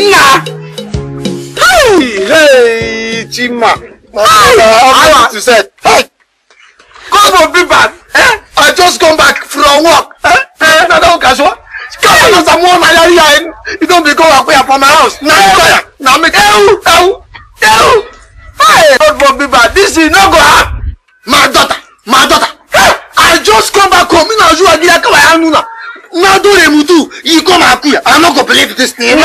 nna hey chima awa to set hey come for big man eh i just come back from work eh eh na don kasuwa come on samuel na yari ya you don be go akuya for my house na lawyer na me ewu eh! ewu hey come for big man this thing no go happen my daughter my daughter hey i just come back home ina ojuwa gida kawai hannu na na dole mutu yi koma akuya i no go believe this thing.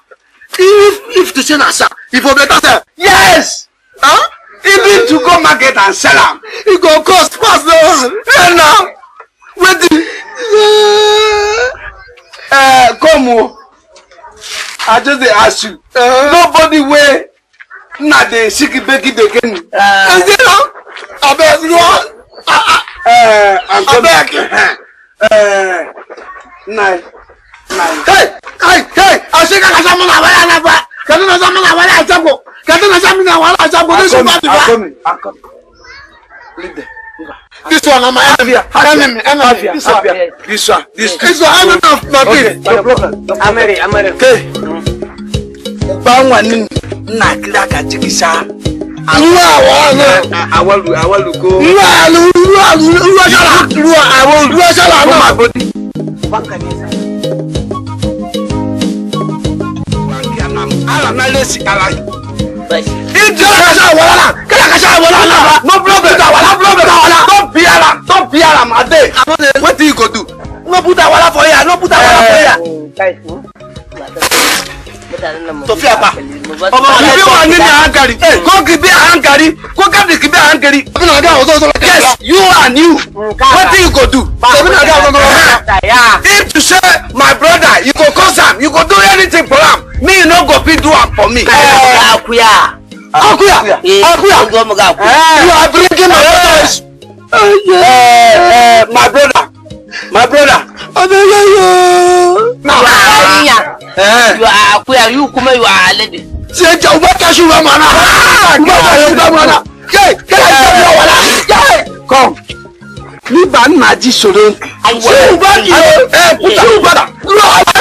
if if to say na sell e for better sell yes huh? even to go market and sell am e go cost pass no hey, na wetin uh, come o i just dey ask you uh, nobody wey na dey sick beki beki ni uh, is it wrong abeg you wan uh-huh. eh, abeg eh, na kai kai ashe kaka samu na wala na ba kati na samu na wala asago kati na samu na wala asago ne sofa bi ba. This one, I'm enemy. Enemy, enemy. This one, this one, this one. This one, I'm not my kid. I'm ready, I'm ready. Okay. Bangwa ni na kila kachikisha. Nwa wana. Awalu, awalu go. Nwa alu, nwa alu, nwa shala, nwa awalu, nwa shala. Come on, buddy. Bangwa ni. ala n'ale si ala ye. ijó kasa wala la kala kasa wala la no problem ta wala problem ta wala don bi ala don bi ala ma de. wetin you go do. no put awala for here no put awala for here. Sofia ba ọmọ ibi wa ni ni ahankari ko kibi ahankari ko kabi kibi ahankari. yes you and you wetin you go do. if you say my brother you go cause am you go do anything for am me you no go fit do am for me. Eh, eh. akuya ah, akuya eh, ah, akuya you are bringing my voice. my brother my brother. na oh, ah. akuya you are akuya you kuma you are alade. ṣe jẹ uba kasu ba mana uba kasu ba mana ye kẹlẹ jẹ mi wala ye. come ní bá ń nàjí sọ̀rọ̀ ṣé uba kì í ṣé uba rà.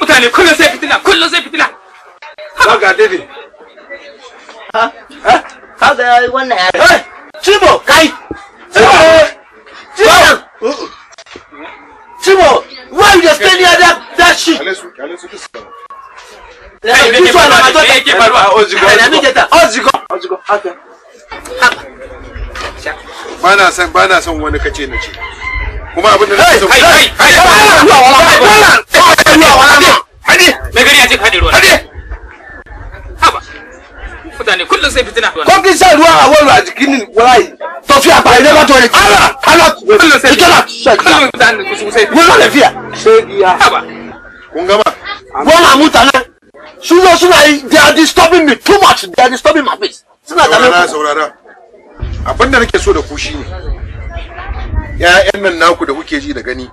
mutane kullum sai fitina kullum sai fitina ha ga dede ha ha ga wannan ya cibo kai cibo cibo cibo why you stay near that that shit ba na son ba na son wani kace na ce kuma abin da na so haɗe ruwa ruwa a wani a tafiya ba ne ala ala kullum sai fitina kullum sai kun gama su zo suna yi they are disturbing me too much they are disturbing my peace suna da saurara abin nake so da ku ne. 'ya'yan nan naku da kuke ji da gani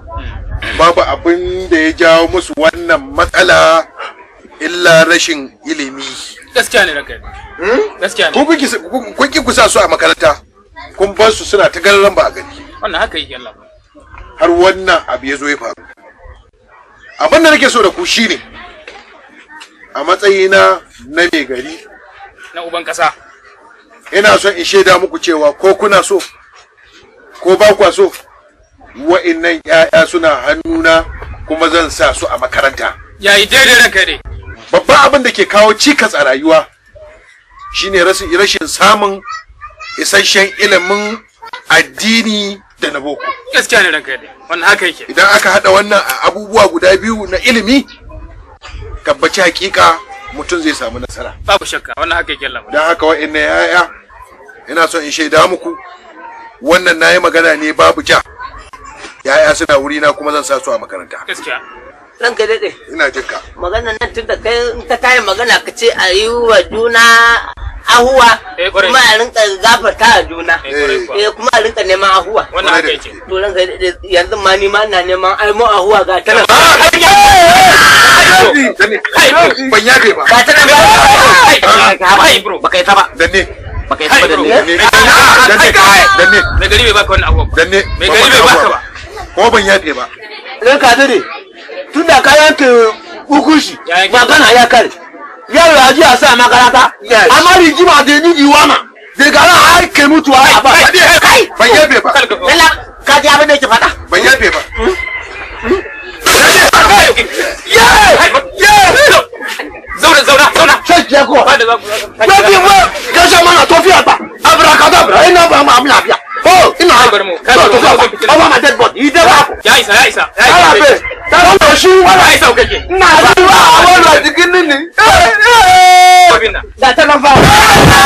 babu abin da ya jawo musu wannan matsala illa rashin ilimi gaskiya ne ranka hmm? gaskiya kun ki kusa su a makaranta kun bar su suna ta garin ba a gani wannan haka yake Allah har wannan abu ya zo ya faru abin da nake so da ku shine a matsayina na mai gari na uban kasa ina son in shaida muku cewa ko kuna so ko ba kwa so wa'innan 'ya'ya suna hannuna kuma zan sa su a makaranta yayi daidai ranka ne babban abin da ke kawo cikas a rayuwa shine rashin samun isasshen ilimin addini da na boko gaskiya ne ranka ne wannan haka yake idan aka hada wannan abubuwa guda biyu na ilimi tabbaci hakika mutum zai samu nasara babu shakka wannan haka yake Allah dan haka wa'annan yaya ina son in shaida muku wannan na yi magana ne babu ja yaya suna wuri na kuma zan sa su a makaranta gaskiya daɗe ina jinka. ka nan tun da kai ta kayan magana ka ce a yi wa juna ahuwa kuma a rinka gafarta a juna eh kuma a rinka neman ahuwa wannan haka yake to nan daɗe yanzu ma ni ma ina neman ai mu ahuwa ga ta ban yabe ba ga ta ba kai bro baka yi ta ba danne baka yi da ne danne me ah, ah, ah, gari bai baka wannan abubuwan danne me gari bai baka ba ko ban ba dan ka dade tun da ka yanke hukunci ya kare yaro ya ji a sa makaranta amma rigima da ni iwana daga ran mutuwa ba ban ba ka ji abin da yake faɗa abirimu. sọtọ sọtọ ọba ma dead body. ìdè wa. yaisa yaisa. ala bẹ tala bẹ su. wala yaisa okeje. na ni wa awo lọ jigi nini. ee ee. dantẹ nafa.